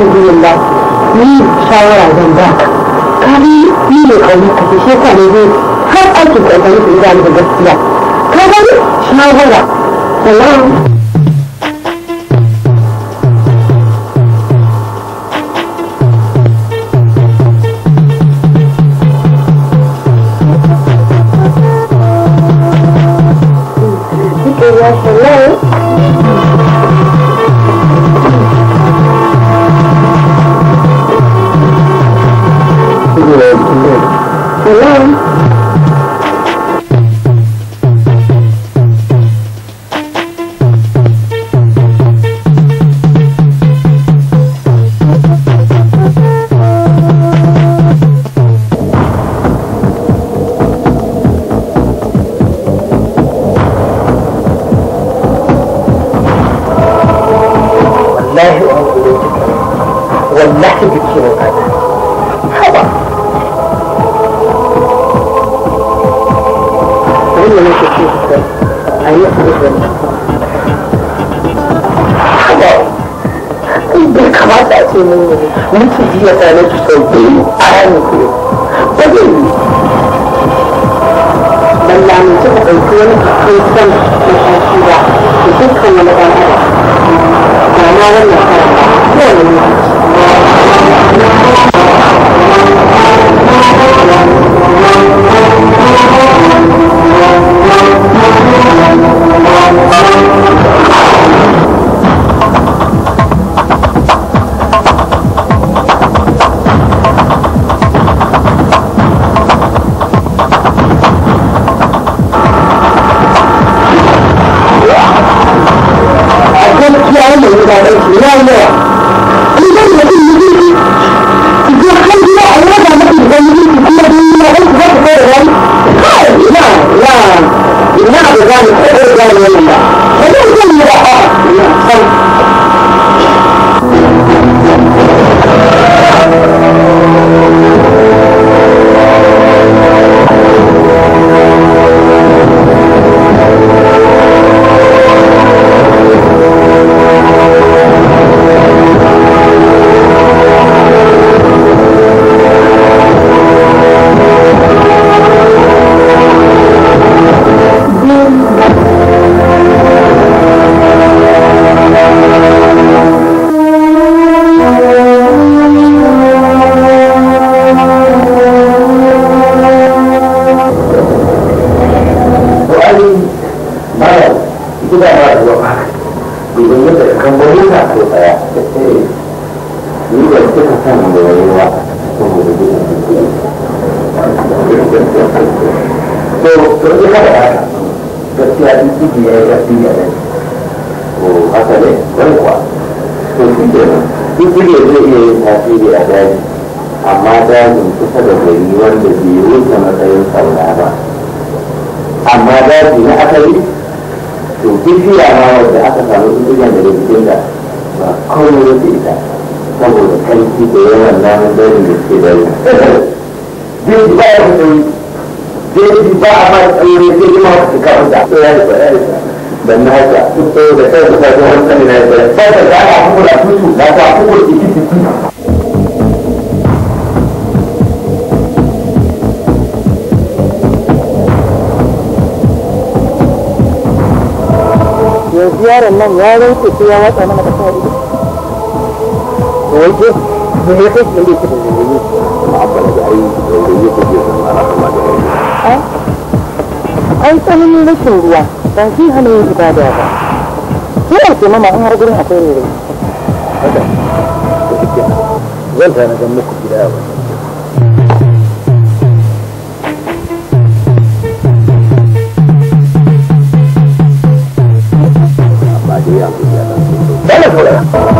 sabilillah ni shawara zan ba ka ni ni ne kauri ka ce shi ka ne zai har aikin ka ga ni da gaskiya ka ga shawara sannan ne sai da ya yi da na haka da kai da kai sai da ga da tutu da ka ki ki yaron nan ya rauke sai ya watsa mana da ido da ya kai da ya da ya da ya da ya da ya da ya da ya da ya da ya da ya da ya da ya da ya da ya da ya da ya da ya da ya da ya an tsananin rashin ruwa ba shi hana yin ibada ba sai a ce mama in har gurin akwai rere haka da kike zan tana ga muku gida ba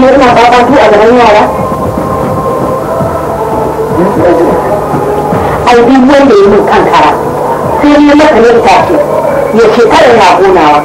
ne ina ƙwaƙwa su a gaban yara ai duk wanda ya min kankara sai ne maka ne itace ya shekara na gonawa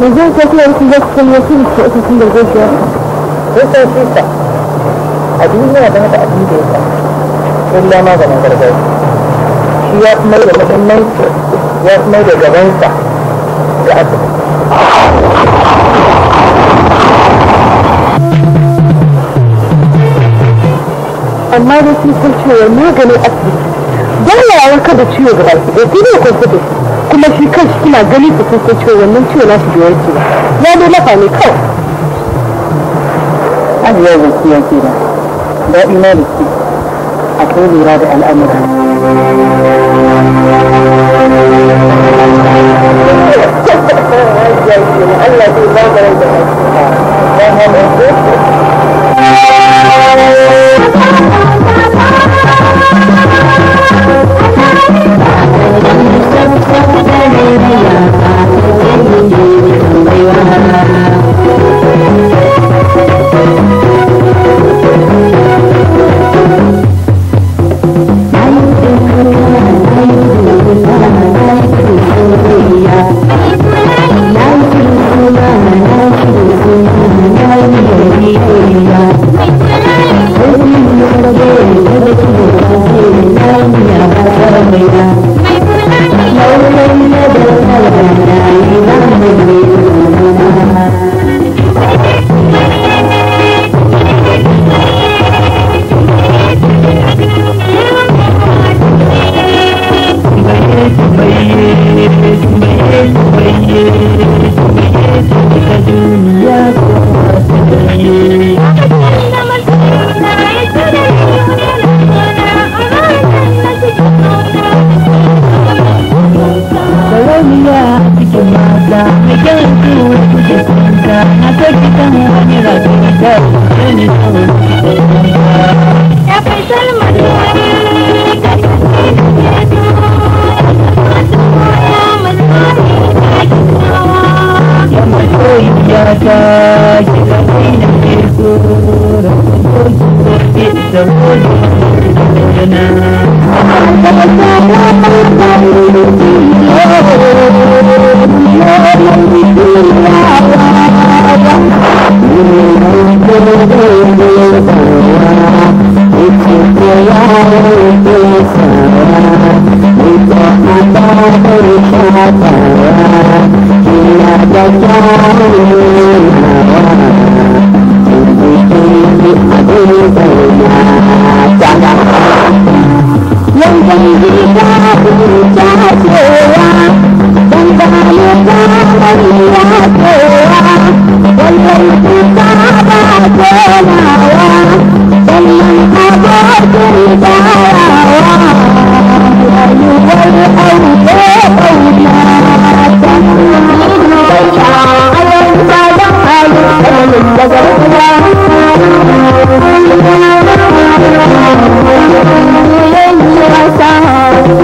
yanzu sai kuma wasu za su san wasu su uku sun da zai shi wasu sai sai sa a duniya da mata abin da ya sa illa maganin gargajiya shi ya a mai da muhimmanci ya fi mai da gabansa ga asibiti amma da sun san cewa maganin asibiti dole ya warkar da ciwo ga ki da sai ne kuma shi kina gani ku sun ciwo wannan ciwo na shi da warke ba ya lafa ne kawai zan ke da daɗi na da ke lura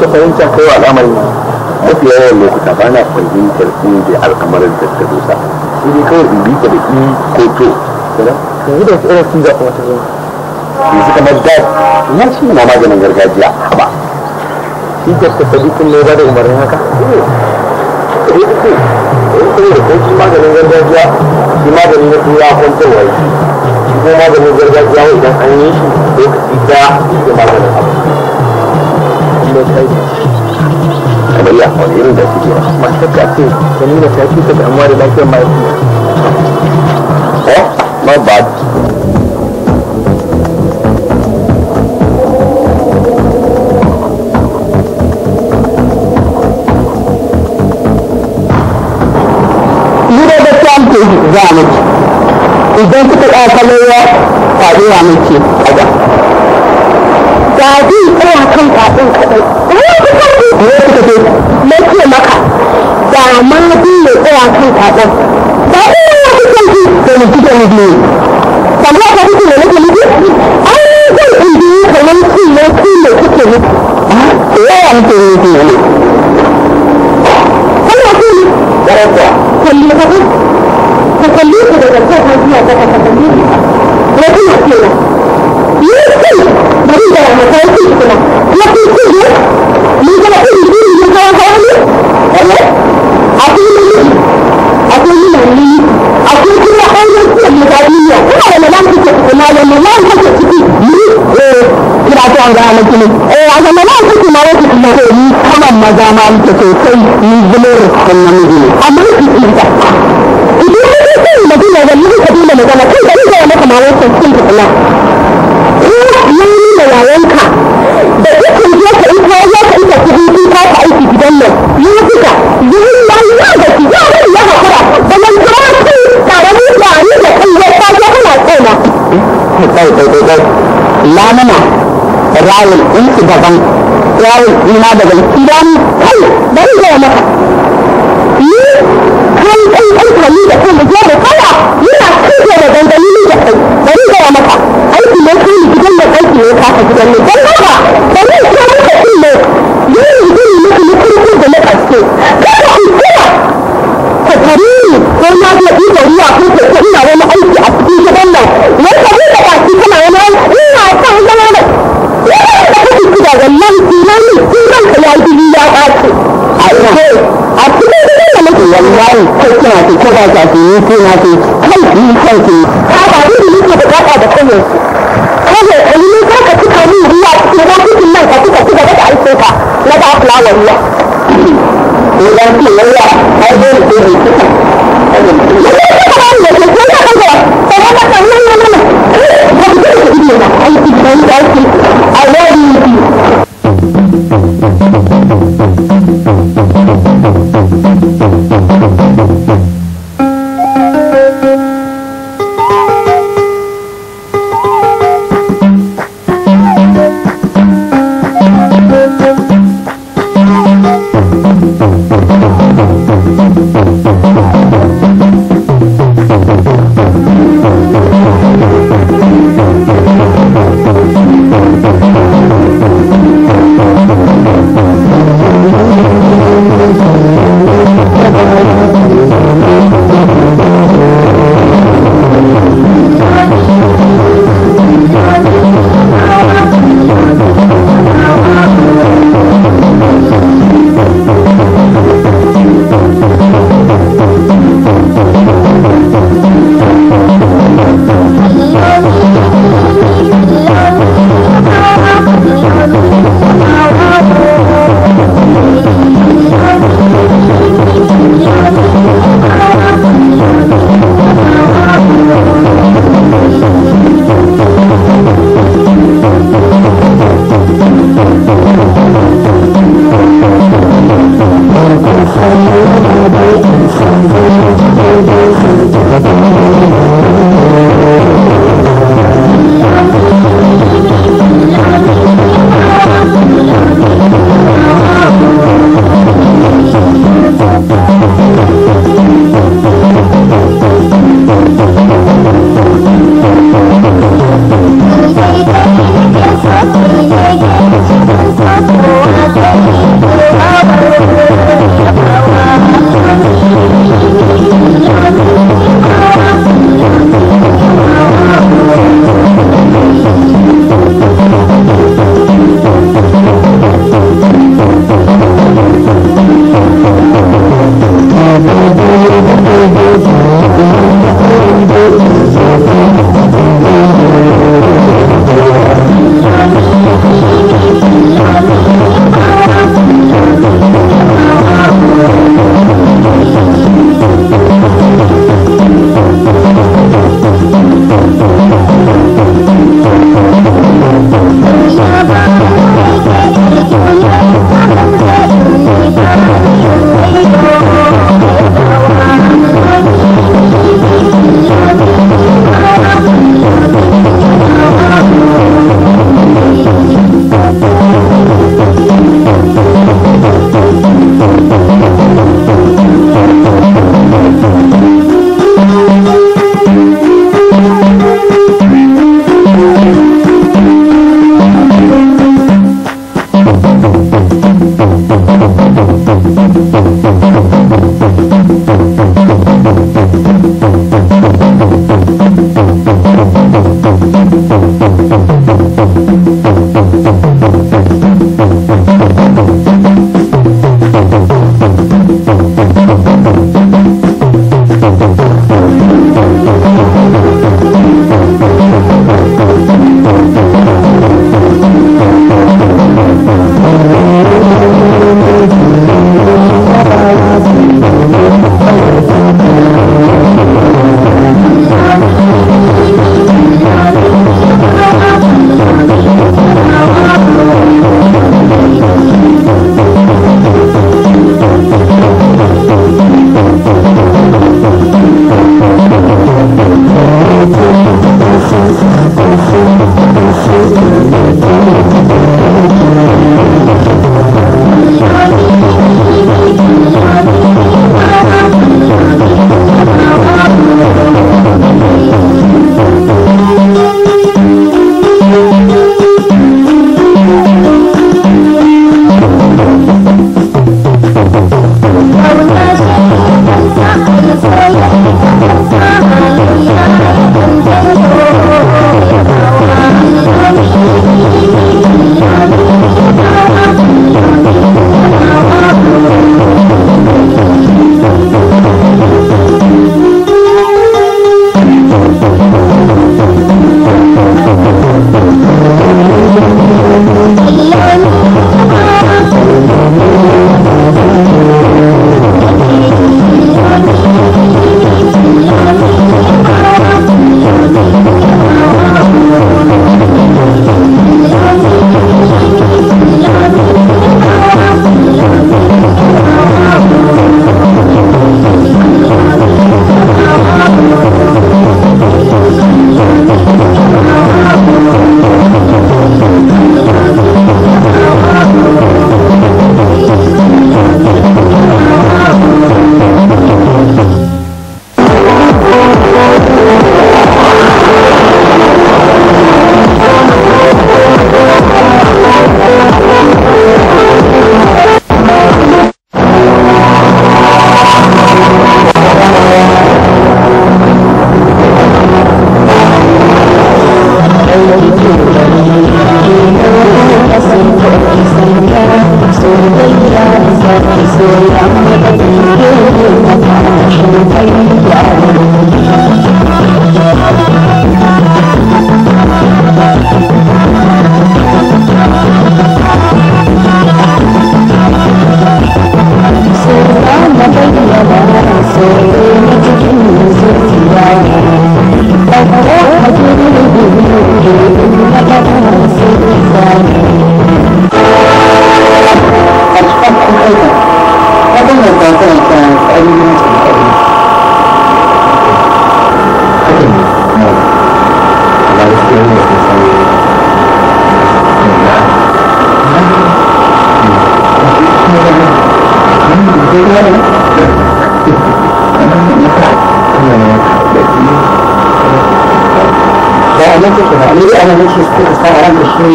rashin fahimtar kai al'amari mafi yawan lokuta ba na fahimtar da al'amarin da ta dosa shi ne kawai in bi ta da i ko to yanzu da irin sun da kuma ta zo yanzu kamar da ya ce na maganin gargajiya ba shi da ta tabi kun ne ba da umarni haka shi maganin gargajiya shi maganin na tura kwantarwa shi ko maganin gargajiya idan an yi shi lokaci da maganin abu da ta yi kamar ya wani yin da suke masu shakka ce da nuna ta fi ta damuwa da lafiyar mahaifi eh not bad za a miki idan kuka ƙasa lewa faɗuwa miki a ba zai tsaya kan kwaɗin kaɗai wani kuka ji na ce maka da ma zai ya tsaya kan kwaɗin ba zai yi wa kuka ji da mu kuka mu biyu sannan ka kuka ne nake miji an zai in biyu kamar ci ne ci ne kuke miji ah, da yawa ke yi miji ne sannan ku ne yarawa kalli ka kalli ku daga kan hajiya ka kalli ne ya kuma kenan da mu kai ki kuma ya ki ki ne ni ga ki ni ni ga ga ni eh akwai ni akwai ni ni akwai kuma hanyar ki ne ga duniya kuma da nan kike kuma da nan kike ciki ni eh kira ta ga mu kini eh a ga nan kike ma wata kuma ko ni kuma maza ma kike sosai ni zumur kan namiji ne amma ki ki ta idan kike magana da ni kike magana kai da ni ga maka ma wata kin ko ya nuna yayanka da ikin je ka ita ya ka ita kudi kin ka ka aiki gidan nan yi duka yi ya yi ya da ki ya wani ya hakura da nan kuma ki tare ni da ni da kai ya ta ya kana tsoma dai dai dai dai lamuna rawul in ki daban rawul ina daban ki kai bari ga maka yayi dan alƙalami da kai mutum da kowa yana kike da dandalili da kai bari ga maka aiki ne kai gidan da aiki ne ka ka gidan ne dan haka bari ka muka kullu yayi gidan ne mutum kurkur da na kaske kada ku kula ka tare ni ko na ga ido ruwa ko ka ina wani aiki a cikin gidan nan wai ka buɗe baki kana wani aiki ina son zama da da kake gida wannan tunanin tunan ka ya yi ya ɓaci wallahi kai kina ki ko ba ka ki ko na ki kai ki kai ki ka ba ni ni ke bukata da kai kai kai ne ka ka tuka ni ruwa cikin bokitin nan ka tuka tuka da aiko ka na ba fulawar ruwa idan ki yalla ai dai ki ki tuka Thank you.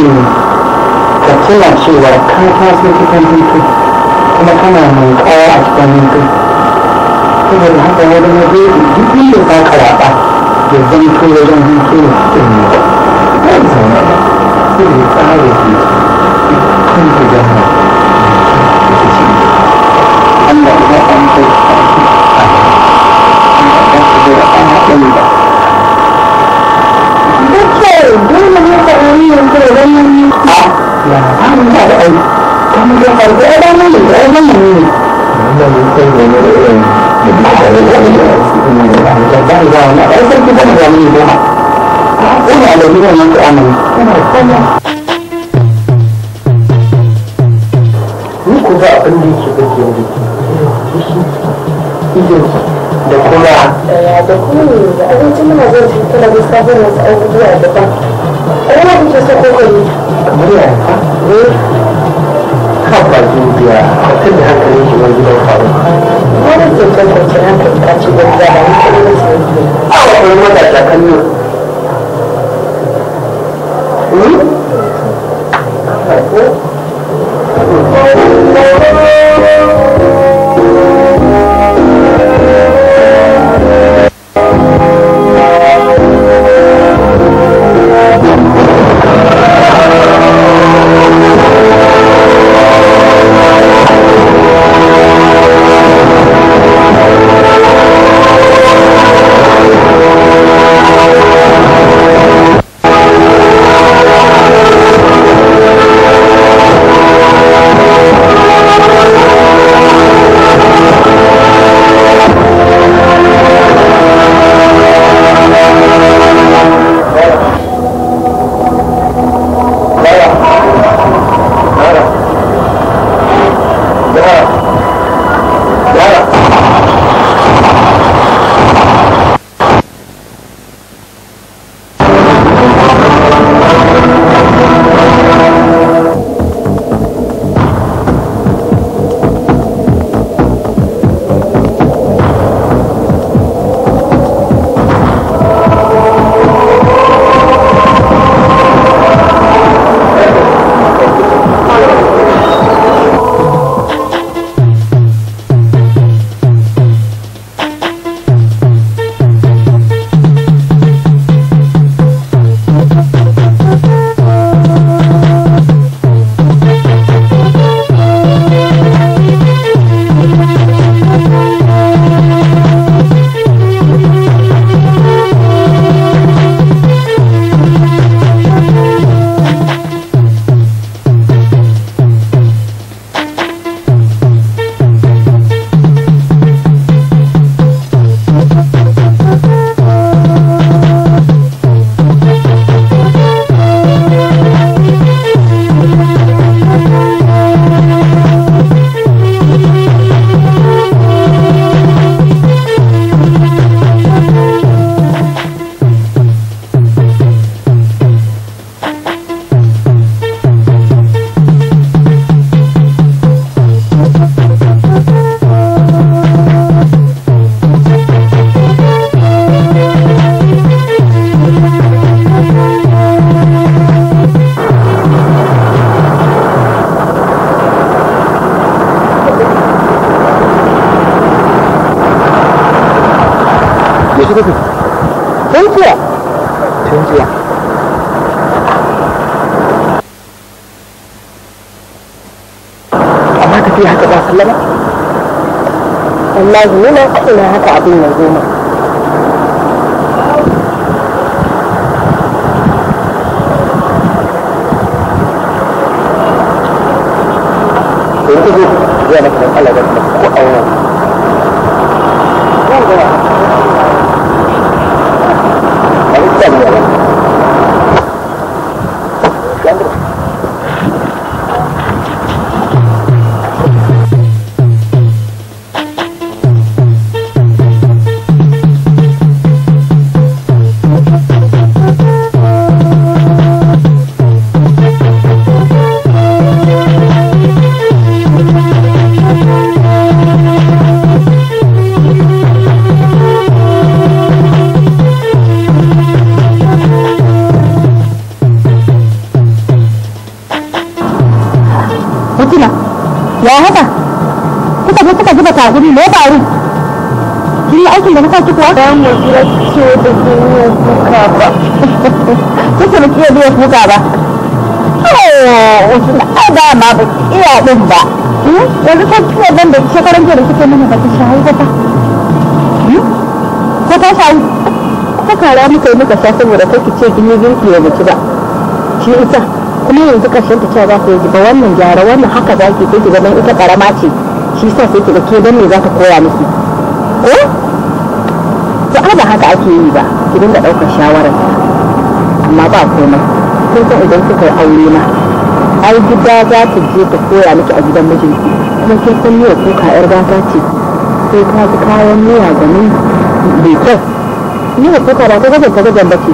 ne ka tuna cewa ka taso cikin hutu kuma kana mai kawo a cikin hutu saboda haka wani waje duk inda za ka raɓa ya zanto wajen hutu ne da kuma da abincin muna zai fito da wasu abubuwa daban Ina kuke so ko kai? Kamar ya fa? Eh. Ka ba ki biya, ka tada hankali ki wani gidan faru. Wani ke kan kwanciyar hankali ka ci gwamnati da ni kan yi sai ki. A wani mata ta kan yi. Thank you. mutu kake tunkiya tunkiya amma ka haka ba sallama wallahi ni na faɗi haka abin ya zo mana zai maka matsala da ko aure. Zan a guri me faru kin yi aikin da kuka ci kuwa dan mu jira ce da kuka ba kike ba kike biya kuka ba oh, ai da ma ba iya din ba hmm? yanzu kan da shekaran jiya da ba shayi ba ta hmm? ko ta shayi ta kara muka yi muka sha saboda kai ki ce kin yi girki mutu ba shi kuma yanzu ƙarshen ta za ku yi ba wannan gyara wannan haka za ki gaban ita karama ce shi sa sai ki ga ke dan me za ka koya miki ko to ai ba haka ake yi ba ki dinga daukar shawarar amma ba komai kun san idan su yi aure ma ai gida za ta je ta koya miki a gidan mijinki kuma kin san yau kuka yar gata ce sai ka ji kayan miya ga ni bai kyau ni ba kuka ba ta gajen ta gajen ba ce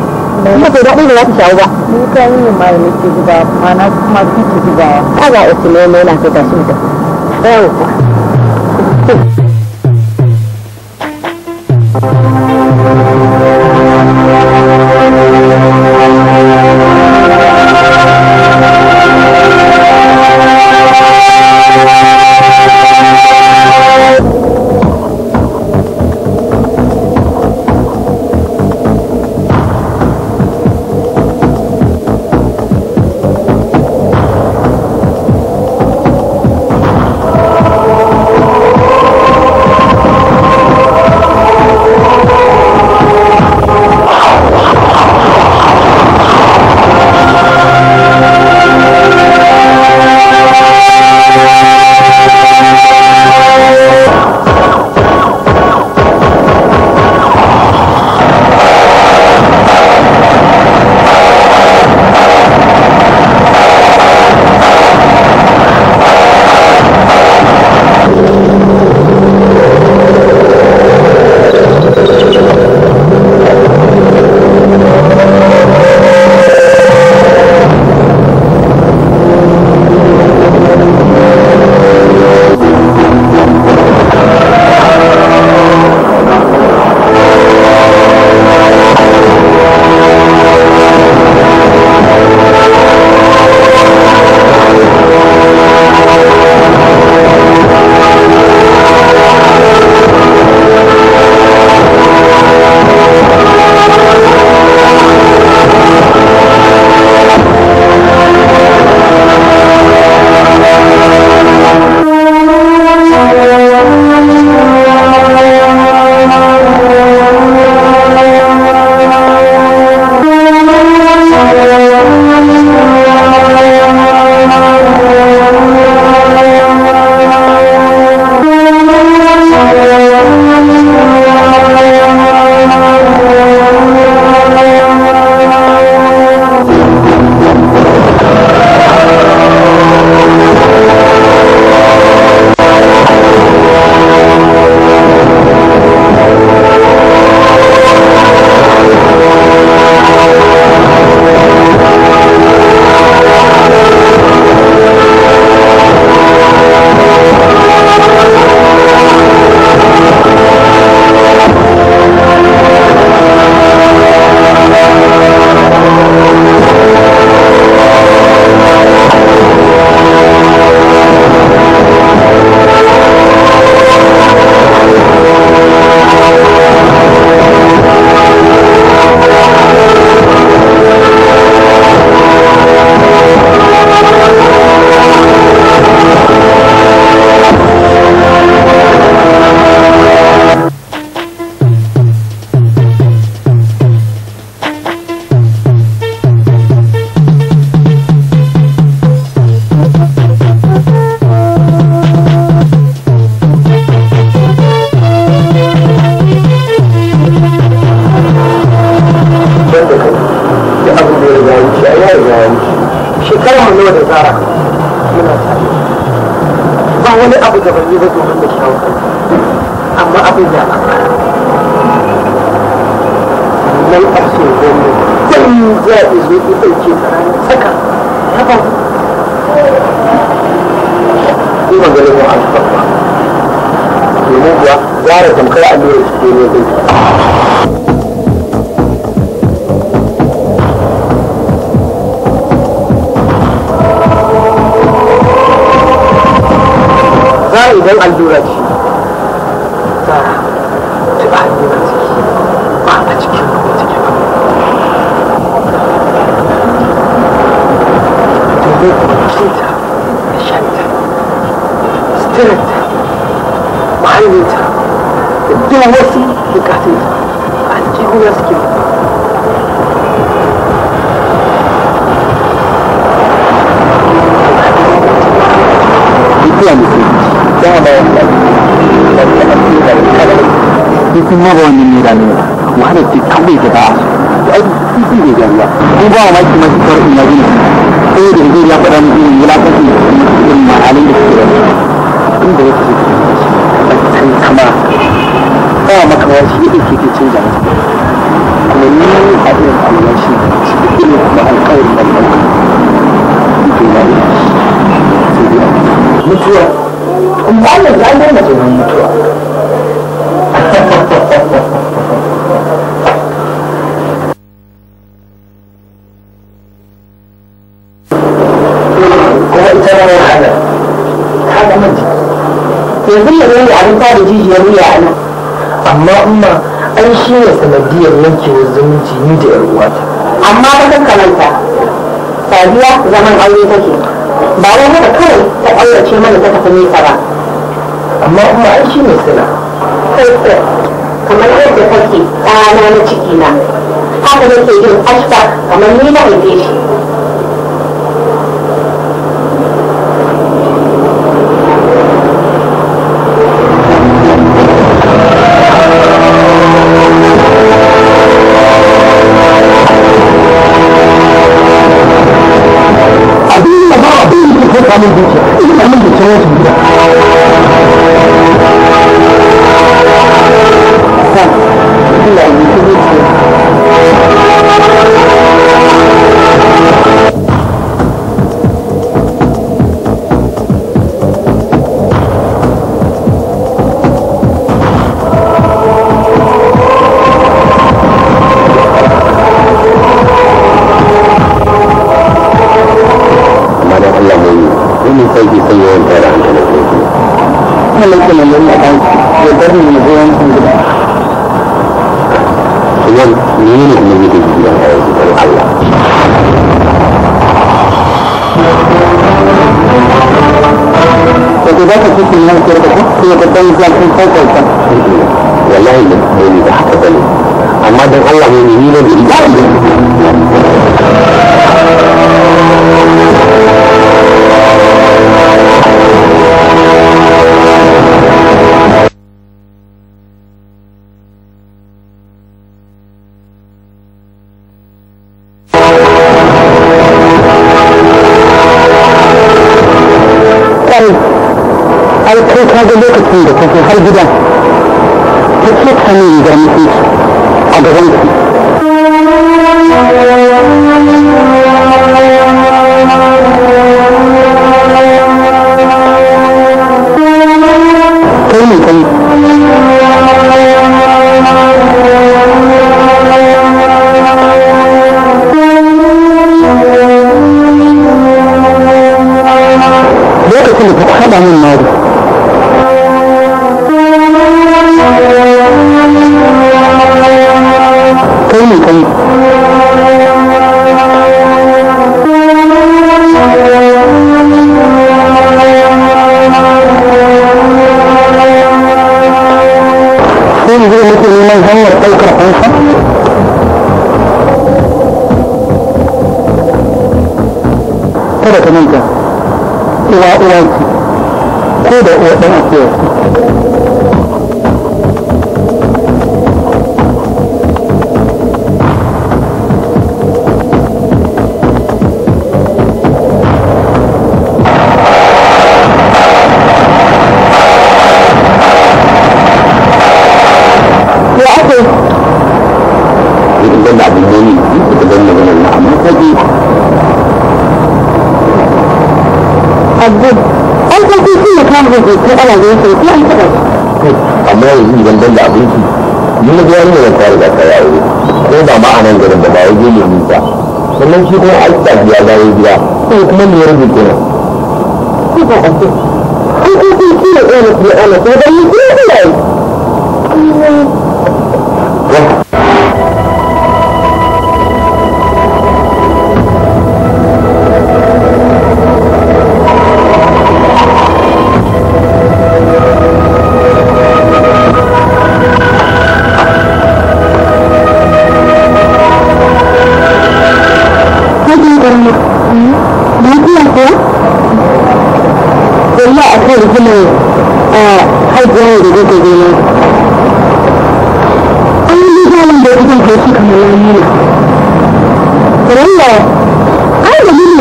kuma bai daɗin da za ta shawo ba ni ka yi ne ma ne ke zuba ma na kuma kuke zuba ba ga otu ne mai na ta tashi da yau Oh. ne ya ɗauke tsakanin tsaka ya ba ku maganin mu an faɗa domin kuwa gara tamkar allurar cike ne zai idan allura ce za a ci a 되는 아, 많이 늘자 뜨거웠으면 끝까지 안 깨우면서 깨우고 이승모원님이라는 하늘빛 탐구이다가 아주 뜻을 얘기합니다. 공부하고 말씀하신 그런 이야기는 그들이 그들이 아까라는 이 문학까지 좀 아는 것처럼 abin da ya fi batun kama ba makawa shi ne ke ke canza masa kuma ni a irin kwallon shi shi ne kuma alkawarin da ɗauka ke na yi sai dai mutuwa kuma wannan mutuwa ya wuya a nan amma umma an shi ne sanadiyar yankewar zumunci ni da yar uwata amma ta kananta sadiya zaman aure take ba wai haka kawai ta ƙaurace mana ta tafi nesa ba amma umma an shi ne sila kai kamar yadda kake ɗana na ciki na haka nake yin ashba kamar ni na haife shi Gracias. things that can take da da abin ne da dan da wannan amma kaji abin da amma yanzu idan dan da abin ni na gani ne ka riga ka yawo ko da ma anan garin da ba yaje ne mun sannan shi kuma alƙa biya da yayi biya ko kuma ne rubi kenan ko ba an ko ko shi ne ana ana ko da ni ko da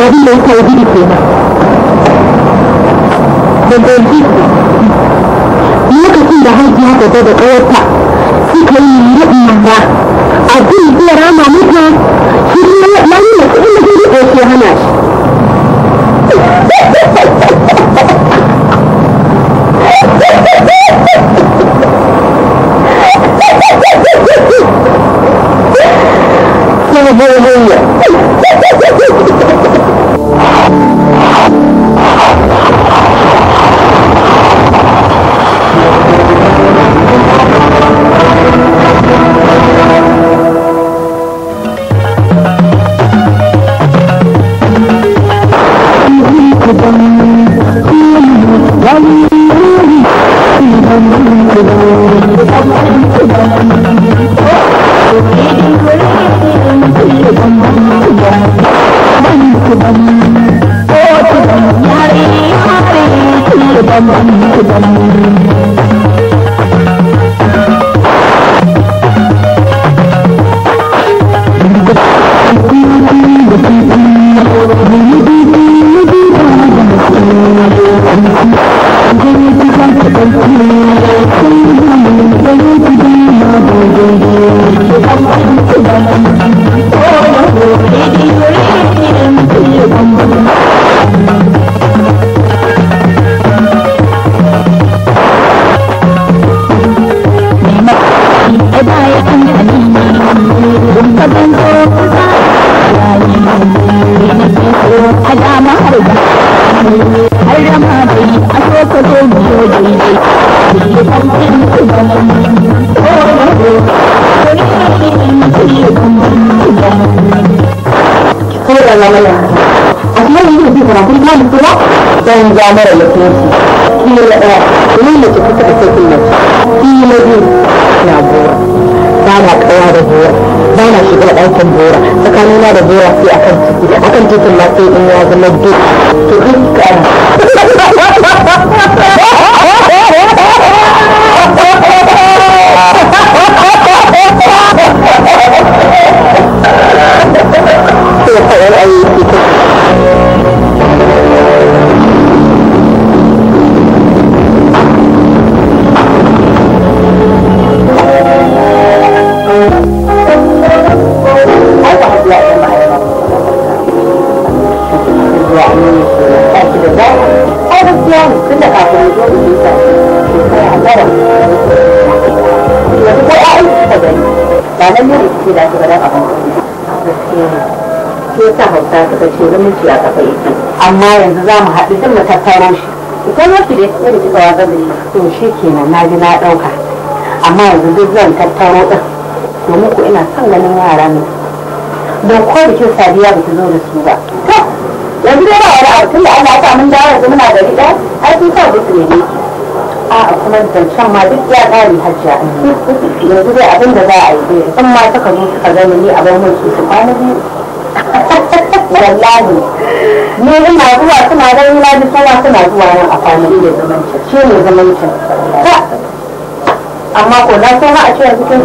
to abin da yake gudu kenan da dalili lokacin da hajji haka ta da ƙawarta suka yi raɗin manga abin zai rama mata shi ne ya yi masu inda zai hana shi ka ban zo kusa yayi ne na da da da yi da Akan ɗakin bora na da bora sai akan titi akan titin ma sai in ya zama duk to dukkan zuciya kafa yake amma yanzu za mu haɗu duk mu tattaro shi ita ma ki da ya rike tsawa ga gari to shi kenan na ji na ɗauka amma yanzu duk zan tattaro ɗin domin ku ina son ganin yara ne don ko bikin sadiya ba ki zo da su ba to yanzu dai ba wani abu tun da Allah ya sa mun dawo yanzu muna gari ɗaya ai sun sa duk ne a'a kuma zancen ma duk ya ƙari hajja yanzu dai abin da za a yi dai in ma suka zo suka gani ni a bar su su kwana biyu wallahi ne ina zuwa suna ganin na ji kowa suna zuwa nan a kwanaki da zamanci shi ne zamanci amma ko na so ma a ce yanzu kun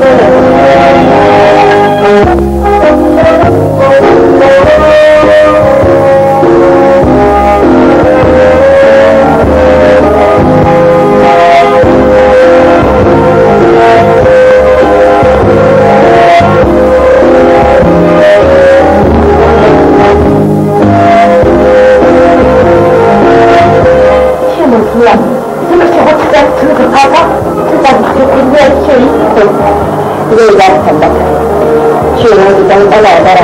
da yana bara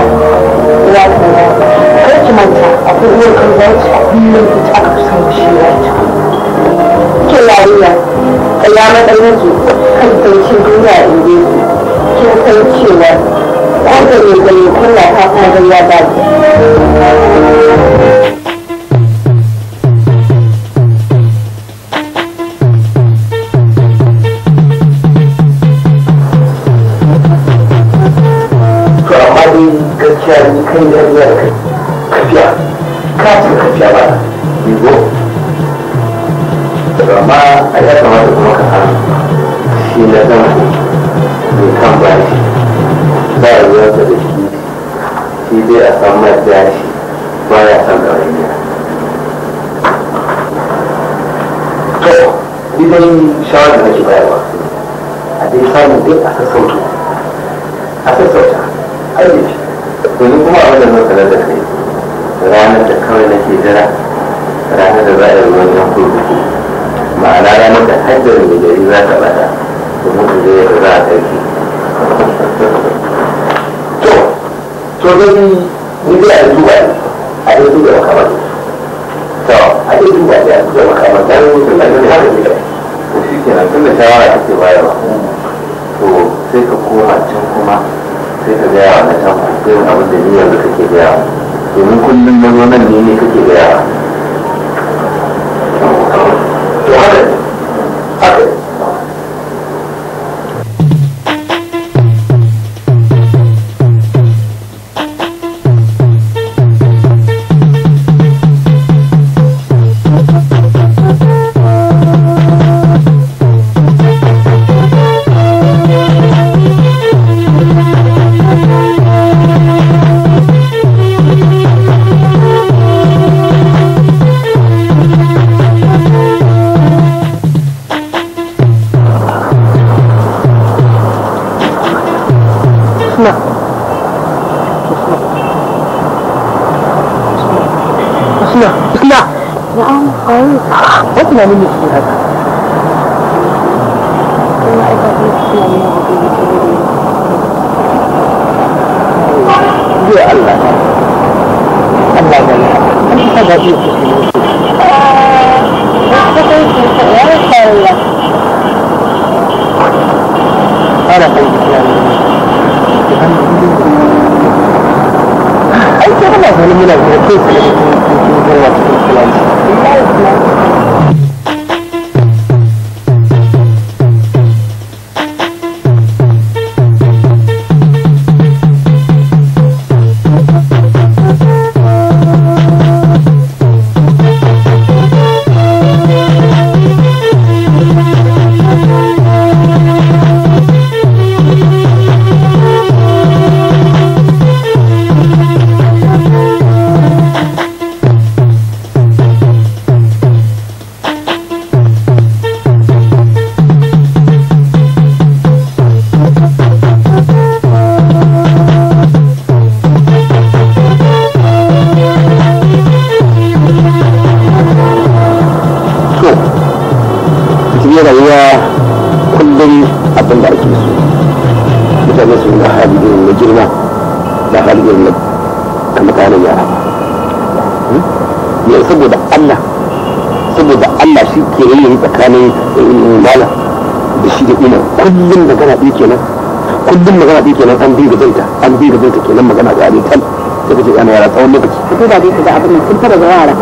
ya kuma kar ki manta akwai kan zaki a kullum ita aka fi shi ya ta ke yarinya matsayin ki kan duniya inda ki kin san cewa ko da ne gani ta ba ga yara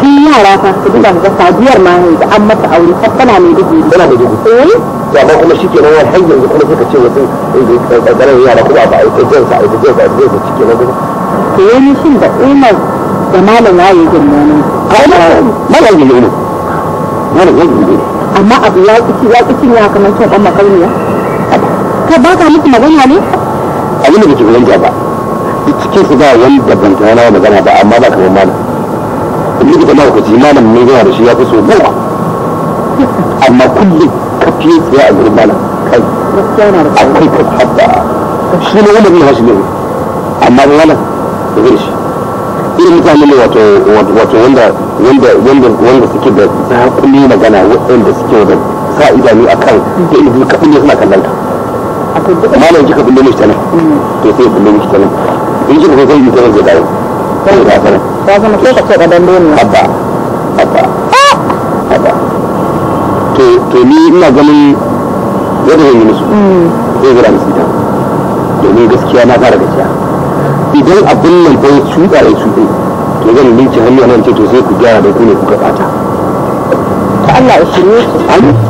shi yara fa su dinga ga sabiyar ma an masa aure har tana mai digiri tana mai digiri eh ya ba kuma shike nan har yanzu kuma suka ce wasu ƙarƙarar eh, yara kuma ba a yi ta jinsa a yi ta jinsa a yi ta jinsa cike na gudu to yi ni shin da ina da malam waye girma ne ai malam gidi ne malam gidi ne amma abu ya ƙi ya ki ya kamar cin ɗan makarniya ka ba ka muku magana ne a da ba ki fahimta ba cikin su ba wanda ban ta yana magana ba amma ba kamar malam likita ma ku ji malam ne yana da shi ya fi so goma amma kullum fiye tsaye a gurin malam kai akwai kafafa shi ne wanda zai hashi ne amma ba malam da zai shi irin mutane ne wato wato wanda wanda wanda wanda suke da zakuni magana waɗanda suke da sa idanu a kan da ilimin kafin ne suna kallon ta malam kika bulle mishi ta nan mm. to sai bulle mishi ta nan in shi ko sai ko ta zama ka ce da dambe abba abba abba to to ni ina ganin yadda zan yi musu zai gura musu idan domin gaskiya na fara gaskiya idan abin nan ko ya shuɗa su shuɗe to zan lince hannu nan ce to sai ku gyara da ku ne kuka ɓata ta Allah ya shirye ku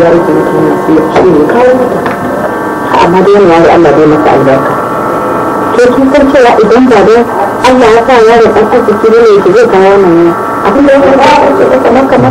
ya rike mata wannan ne yi Allah bai masa to cewa idan ba Allah ya sa yaron ɗan arziki ne ya zai kawo wannan ne abin da ya a kamar kamar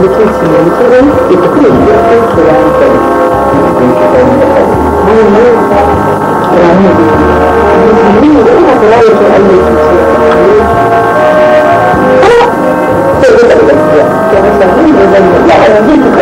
mutunci mai ya tafi da da da da ɗan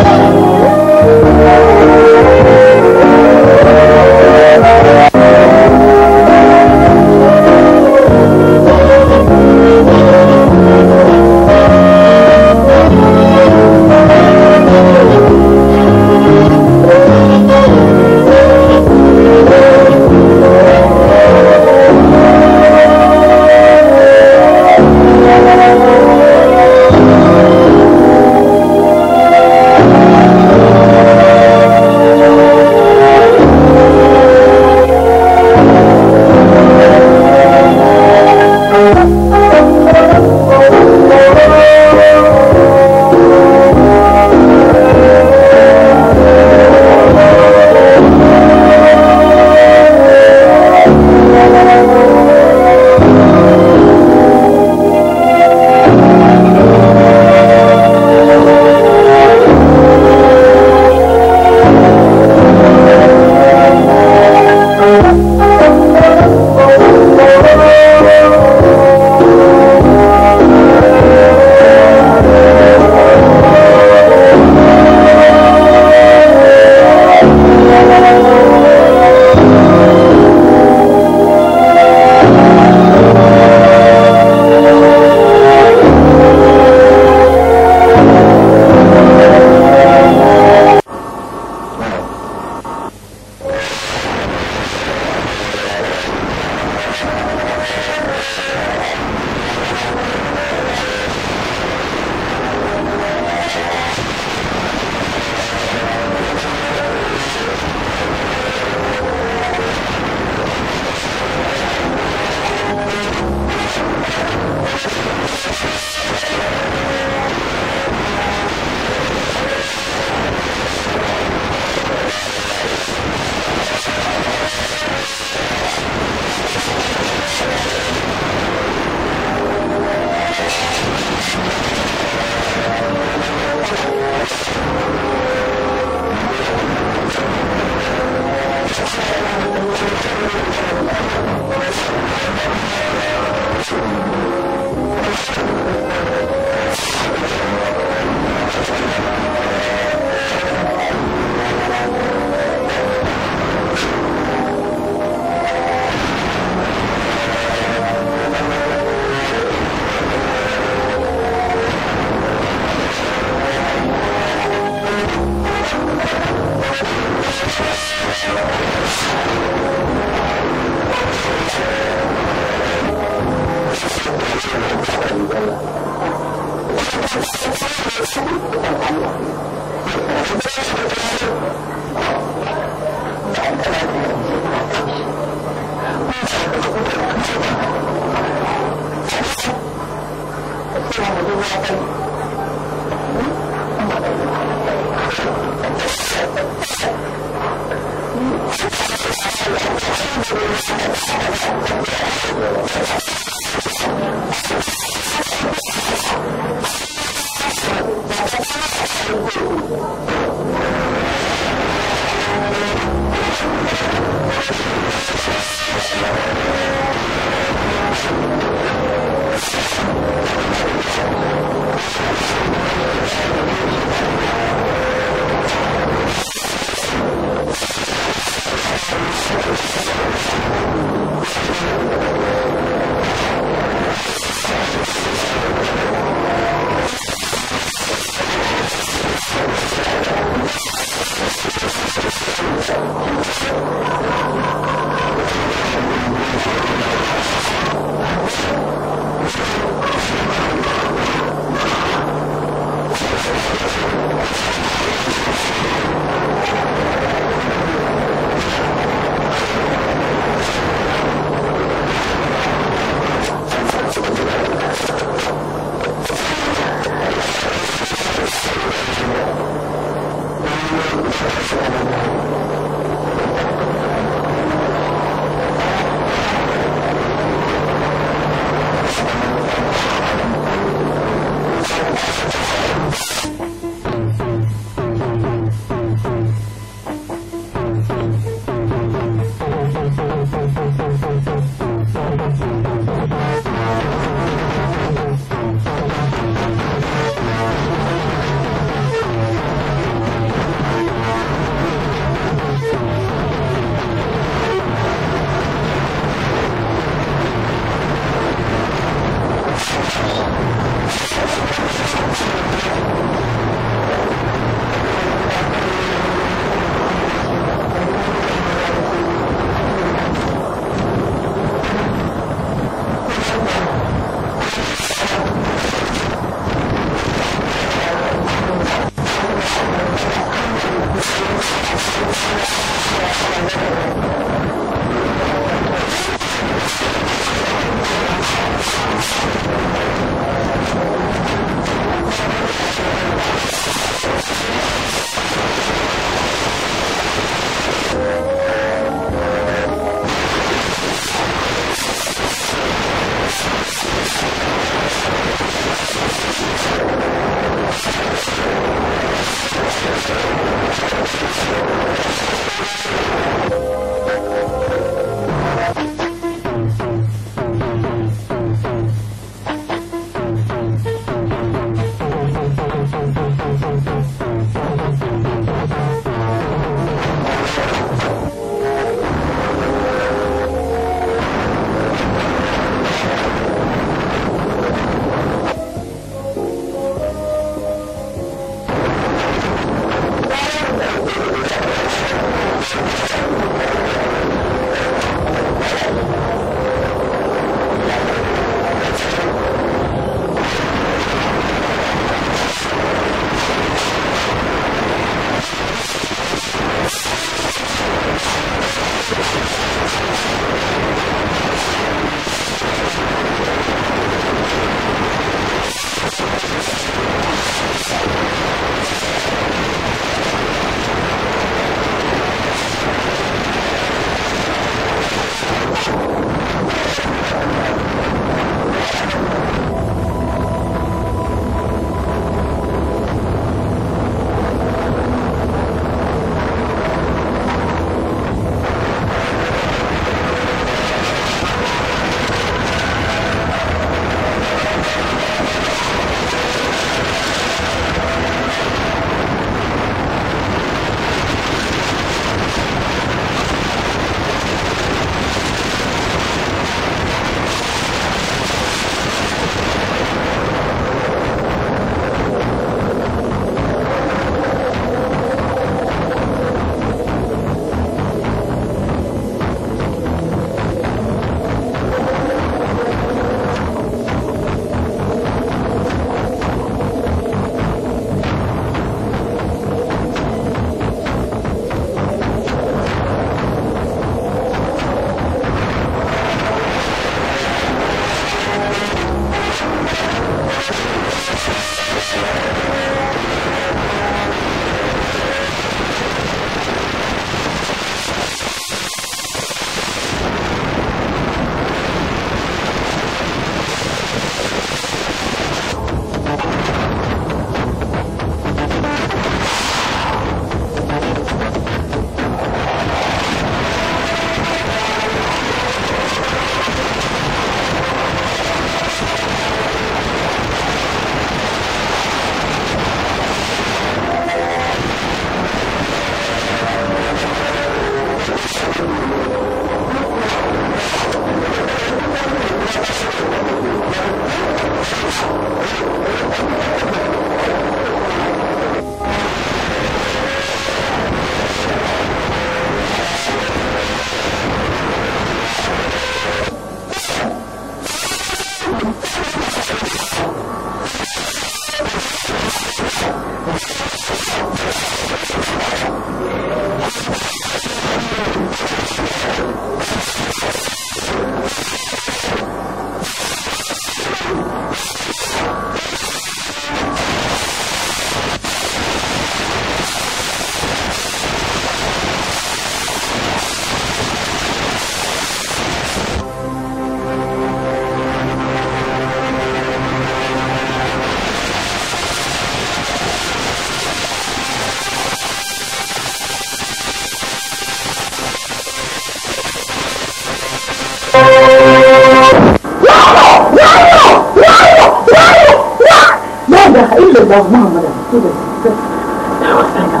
这个老忙不了，这个这给我再讲。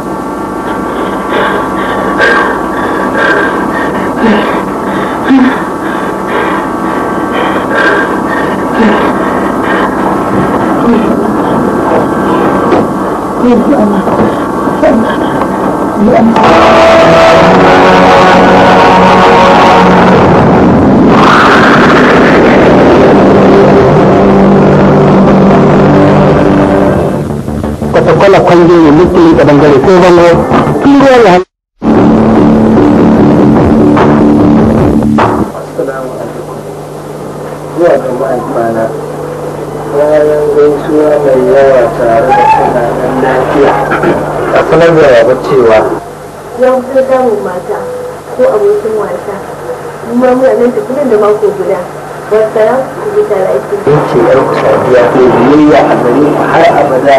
嗯嗯嗯嗯嗯嗯。kwala kwanje ne mutum da bangare ko bango kin ruwa ya zuwa bayan mai yawa tare da lafiya a da yan damun mata ko abokin wasa kuma muna nan tafi da mako guda wata ku bi tare ce 'yan kusa biya ke biyayya a gare har abada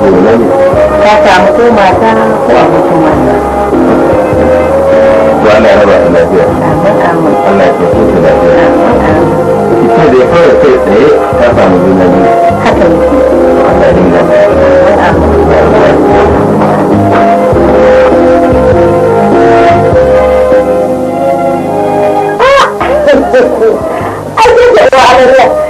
ka samu ko mata ko abokin mata to ana raba ta lafiya Allah ya ce ta lafiya ita da ya fara kai tsaye ta samu juna biyu haka ne Allah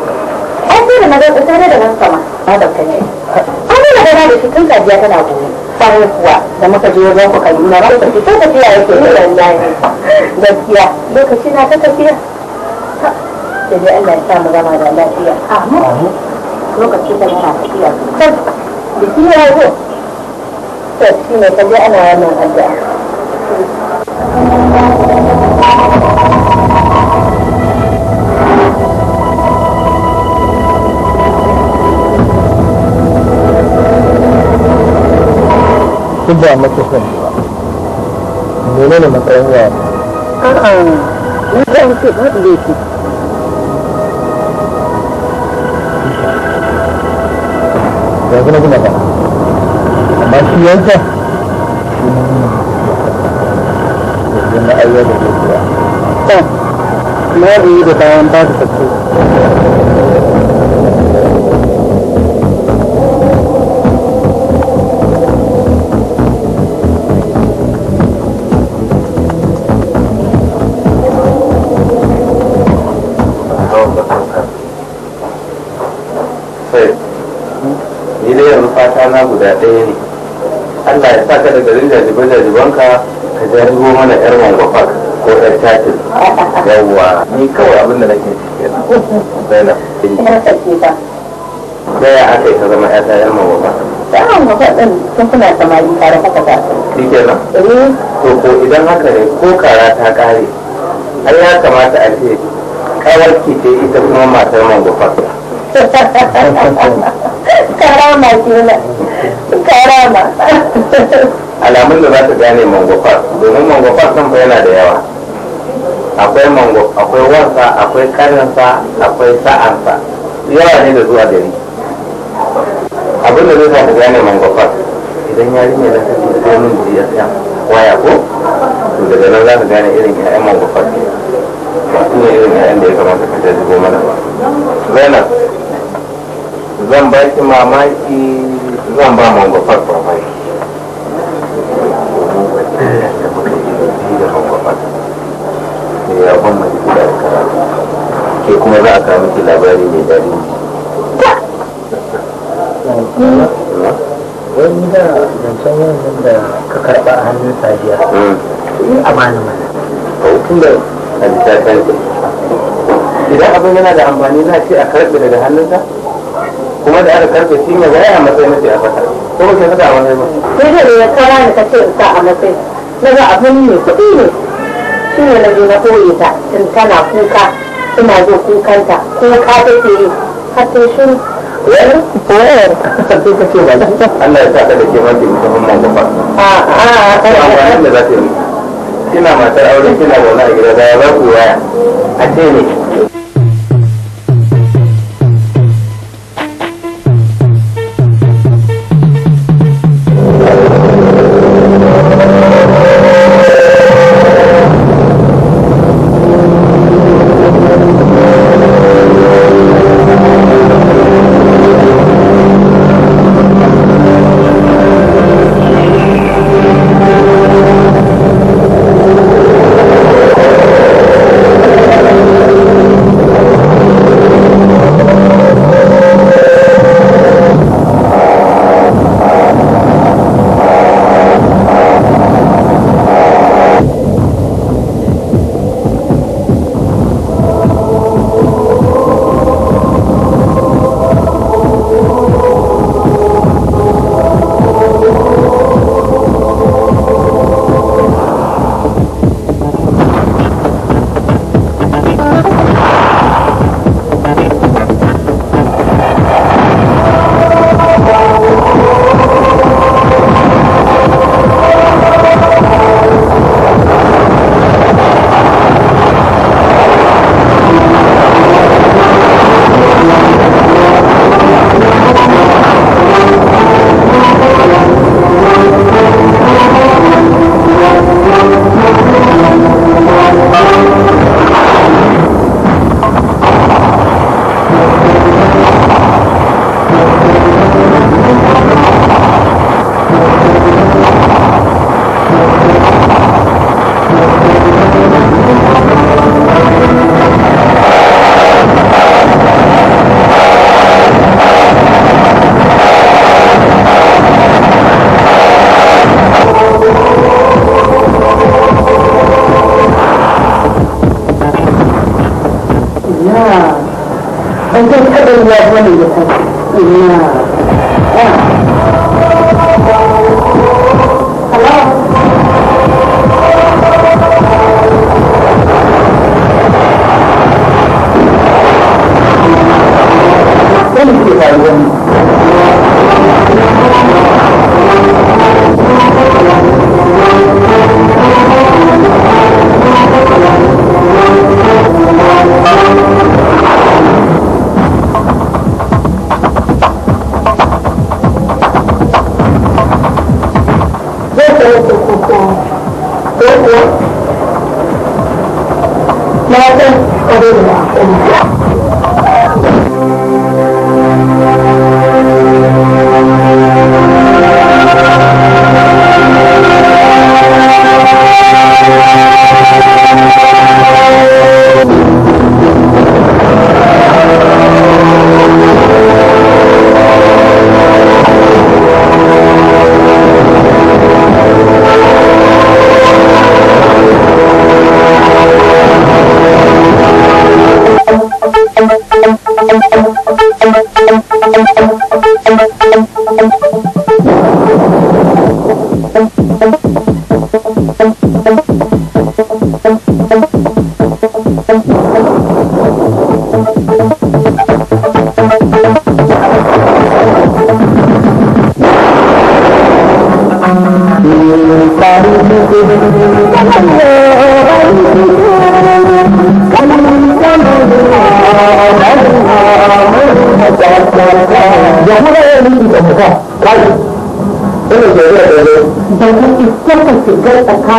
da na ga tsare da nan sama na dauka ne an yi magana da shi tun safiya tana gobe kwarai kuwa da muka je wajen ku kai kaduna ba ta fito tafiya yake yi da yayi gaskiya lokaci na ta tafiya da dai Allah ya samu zama da lafiya amma lokaci ta tana tafiya sosai da shi ya zo to shi ne ta je ana wannan addu'a duk ba mace son ba ne matsayin yara a'a ni zan ce laifi na gina ba amma shi yanka shi na gina ayyar da ba yi da bayan ba da guda ɗaya ne allah ya sa ka da garin jajiban jajibanka ka jajibo mana yar mangwafak ko yar tatil yawwa ni kawai abin da nake ciki na zainab ta ya aka yi ta zama ya ta yar mangwafak ta mangwafak ɗin tun kuna samari tare kuka ta shi nan. Eh. to ko idan haka ne ko kara ta ƙare. ai ya kamata a ce kawarki ce ita kuma matar mangwafak karama kenan rama alamun da za ta gane mangwafar domin mangwafar sun fa yana da yawa akwai mango akwai wansa akwai karinsa akwai sa'ansa yawa ne da zuwa gari abin da zai sa ta gane mangwafar idan ya rinye da ta min jiya ta waya ko to daga nan za ka gane irin ya'yan mangwafar ke ba su ne irin ya'yan da ya kamata ka jajjigo mana ba zainab zan baki mamaki zan ba mu babbar mamaki domin yi ya ban mai kula da karatu ke kuma za a kawo miki labari mai daɗin wani da zancen wannan da ka karɓa a hannun sajiya hmm. mana a hutun da a bisa idan abin yana da amfani za a ce a karɓe daga hannunsa kuma da aka karfe shi ne gaya a matsayin mace a fata ko ba fata a wani ba sai da ne ya kara ne ka ce ta sa a matsayin na a ne kuɗi ne shi ne na je na koye ta in tana kuka ina zo kukanta kuka take yi har sai shi Wani? sai ka ce ba Allah ya sa ka da ke mace musamman gaba a a a a a a a kina matar aure kina zaune a gida da ya ba ku waya a ce ne